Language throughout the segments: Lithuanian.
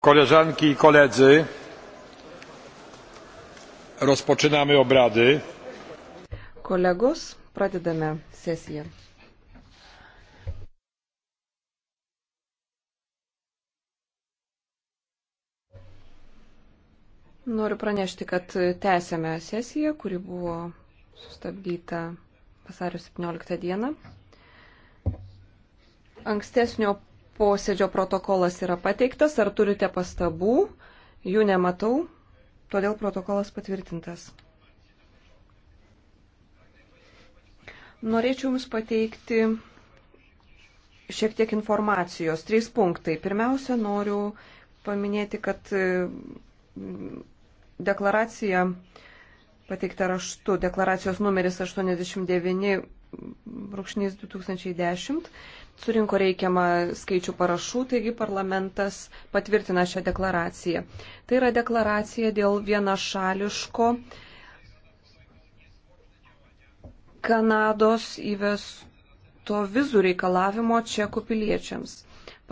koleżanki i koledzy rozpoczynamy obrady kolegos pradedame sesiją noriu pranešti kad tęsiame sesiją kuri buvo sustabdyta vasario 17 dieną ankstesnio Posėdžio protokolas yra pateiktas. Ar turite pastabų? Jų nematau. Todėl protokolas patvirtintas. Norėčiau Jums pateikti šiek tiek informacijos. Trys punktai. Pirmiausia, noriu paminėti, kad mm, deklaracija pateikta raštu, deklaracijos numeris 89 mm, brūkšnys 2010 surinko reikiamą skaičių parašų, taigi parlamentas patvirtina šią deklaraciją. Tai yra deklaracija dėl vienašališko Kanados įvesto vizų reikalavimo čekų piliečiams.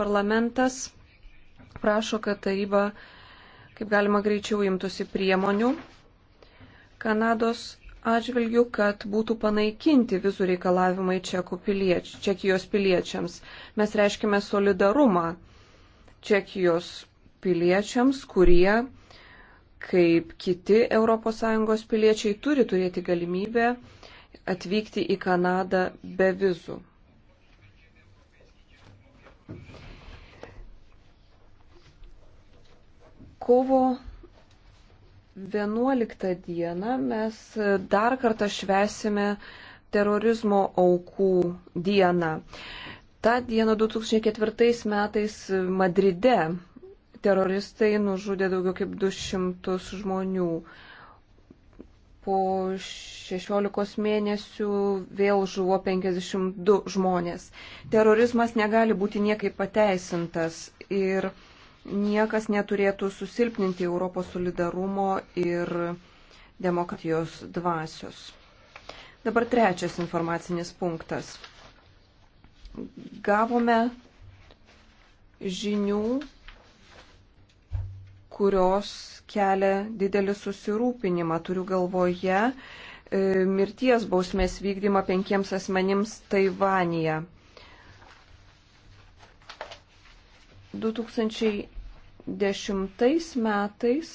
Parlamentas prašo, kad taryba kaip galima greičiau imtųsi priemonių Kanados atžvilgių, kad būtų panaikinti vizų reikalavimai pilieč, Čekijos piliečiams. Mes reiškime solidarumą Čekijos piliečiams, kurie, kaip kiti ES piliečiai, turi turėti galimybę atvykti į Kanadą be vizų. Kovo 11 dieną mes dar kartą švesime terorizmo aukų dieną. Ta diena 2004 metais Madride teroristai nužudė daugiau kaip 200 žmonių. Po 16 mėnesių vėl žuvo 52 žmonės. Terorizmas negali būti niekaip pateisintas ir niekas neturėtų susilpninti Europos solidarumo ir demokratijos dvasios. Dabar trečias informacinis punktas. Gavome žinių, kurios kelia didelį susirūpinimą. Turiu galvoje e, mirties bausmės vykdymą penkiems asmenims Taivanija. 2000 2010 metais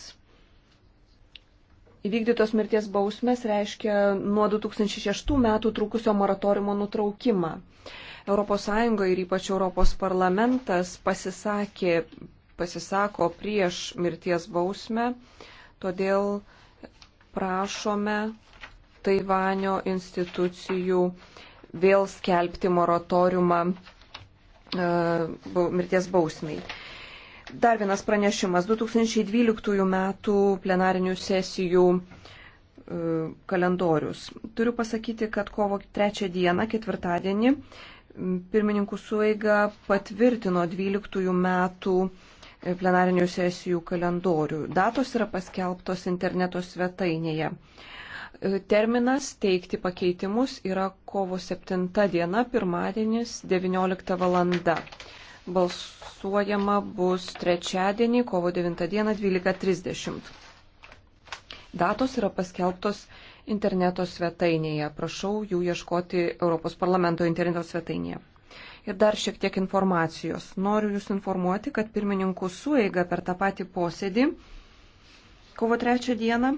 įvykdytos mirties bausmės reiškia nuo 2006 metų trukusio moratoriumo nutraukimą. ES ir ypač Europos parlamentas pasisakė, pasisako prieš mirties bausmę, todėl prašome Taivanio institucijų vėl skelbti moratoriumą e, mirties bausmiai. Dar vienas pranešimas. 2012 metų plenarinių sesijų e, kalendorius. Turiu pasakyti, kad kovo trečią dieną, ketvirtadienį, pirmininkų sueiga patvirtino 12 metų e, plenarinių sesijų kalendorių. Datos yra paskelbtos interneto svetainėje. E, terminas teikti pakeitimus yra kovo 7 diena, pirmadienis 19 val. Balsu balsuojama bus trečiadienį, kovo 9 dieną 12.30. Datos yra paskelbtos interneto svetainėje. Prašau jų ieškoti Europos parlamento interneto svetainėje. Ir dar šiek tiek informacijos. Noriu Jūs informuoti, kad pirmininkų sueiga per tą patį posėdį kovo 3 dieną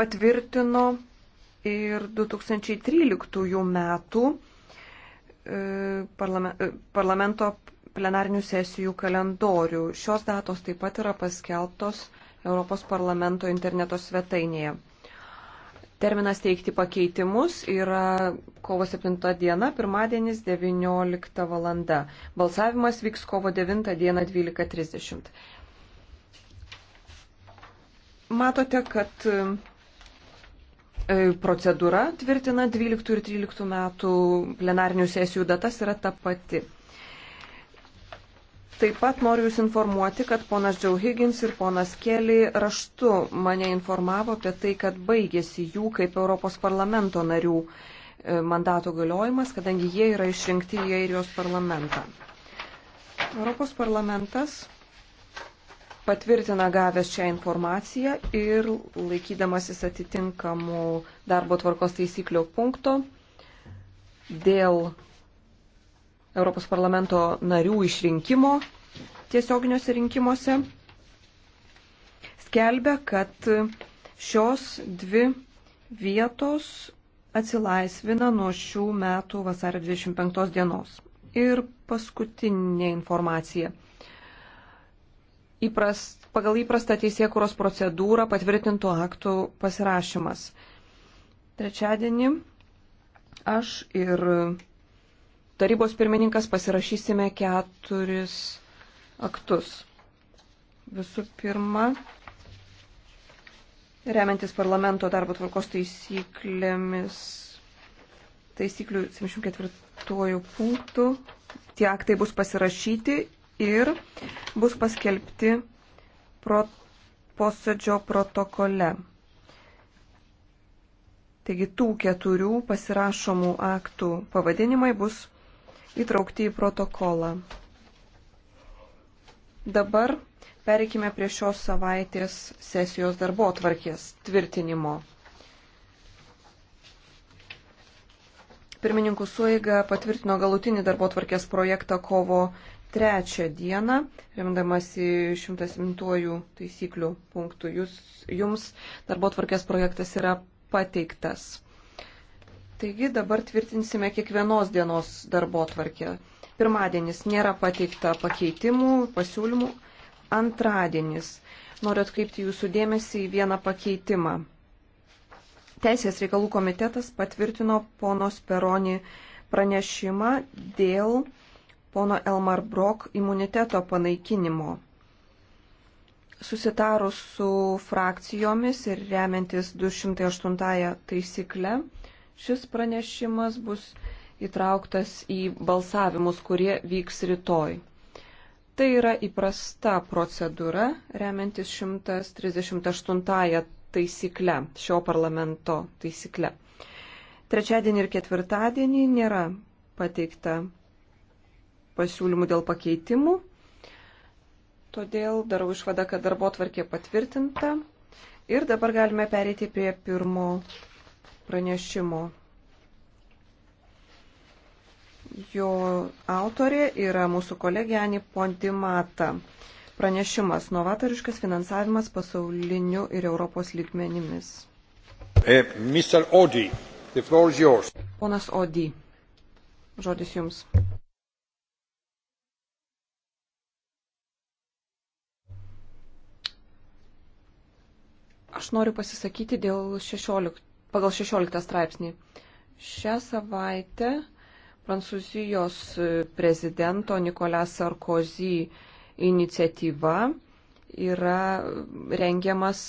patvirtino ir 2013 metų E, e, parlamento plenarinių sesijų kalendorių. Šios datos taip pat yra paskelbtos Europos parlamento interneto svetainėje. Terminas teikti pakeitimus yra kovo 7 diena, pirmadienis 19 val. Balsavimas vyks kovo 9 dieną 12.30. Matote, kad E, procedūra tvirtina 12 ir 13 metų plenarinių sesijų datas yra ta pati. Taip pat noriu Jūs informuoti, kad ponas Džiau Higgins ir ponas Kelly raštu mane informavo apie tai, kad baigėsi jų kaip Europos parlamento narių e, mandato galiojimas, kadangi jie yra išrinkti į Airijos parlamentą. Europos parlamentas patvirtina gavęs šią informaciją ir laikydamasis atitinkamų darbo tvarkos taisyklių punkto dėl Europos parlamento narių išrinkimo tiesioginiuose rinkimuose skelbia, kad šios dvi vietos atsilaisvina nuo šių metų vasario 25 dienos. Ir paskutinė informacija įprast, pagal įprastą teisėkuros procedūrą patvirtintų aktų pasirašymas. Trečiadienį aš ir tarybos pirmininkas pasirašysime keturis aktus. Visų pirma, remiantis parlamento darbo tvarkos taisyklėmis, taisyklių 74 punktų, tie aktai bus pasirašyti ir bus paskelbti pro, posėdžio protokole. Taigi tų keturių pasirašomų aktų pavadinimai bus įtraukti į protokolą. Dabar pereikime prie šios savaitės sesijos darbo tvarkės tvirtinimo. Pirmininkų suiga patvirtino galutinį darbo tvarkės projektą kovo trečią dieną, remdamasi 107 taisyklių punktų, jūs, jums darbo tvarkės projektas yra pateiktas. Taigi dabar tvirtinsime kiekvienos dienos darbo tvarkę. Pirmadienis nėra pateikta pakeitimų, pasiūlymų. Antradienis. Noriu atkreipti jūsų dėmesį į vieną pakeitimą. Teisės reikalų komitetas patvirtino ponos Peroni pranešimą dėl pono Elmar Brok imuniteto panaikinimo. Susitarus su frakcijomis ir remiantis 208 taisykle, šis pranešimas bus įtrauktas į balsavimus, kurie vyks rytoj. Tai yra įprasta procedūra, remiantis 138 taisykle, šio parlamento taisykle. Trečiadienį ir ketvirtadienį nėra pateikta pasiūlymų dėl pakeitimų. Todėl darau išvadą, kad darbo tvarkė patvirtinta. Ir dabar galime pereiti prie pirmo pranešimo. Jo autorė yra mūsų kolegė Ani Pontimata. Pranešimas - novatoriškas finansavimas pasauliniu ir Europos lygmenimis. E, Mr. Odi, the floor is yours. Ponas Odi, žodis jums. Aš noriu pasisakyti dėl 16, pagal 16 straipsnį. Šią savaitę Prancūzijos prezidento Nikolas Sarkozy iniciatyva yra rengiamas